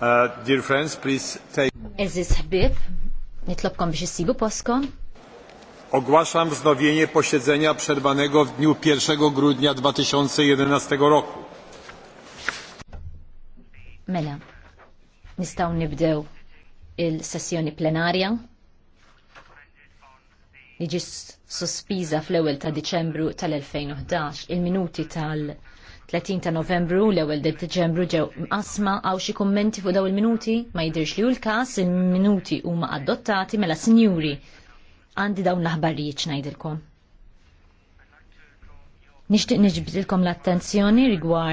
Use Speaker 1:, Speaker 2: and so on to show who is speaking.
Speaker 1: Uh, dear friends, please take...
Speaker 2: Eżis ħbib, nitlobkom biex issibu poskom.
Speaker 3: Ogłaszam wznowienie posiedzenia przerwanego w dniu 1 grudnia 2011 roku.
Speaker 4: Mela, nistaw nibdew il-sessjoni plenaria. li ġi sospiża fl-ewwel ta' Diċembru tal-2011 il-minuti tal-, -2011, il minuti tal 30 ta' novembru l ewwel de deċembru ġew asma għaw xi kummenti fuq daw il-minuti ma jidirx li hu l-każ il-minuti huma adottati mela sinjuri għandi dawn l-aħbarijiet ngħidilkom. Nixtieq niġbdilkom l-attenzjoni rigward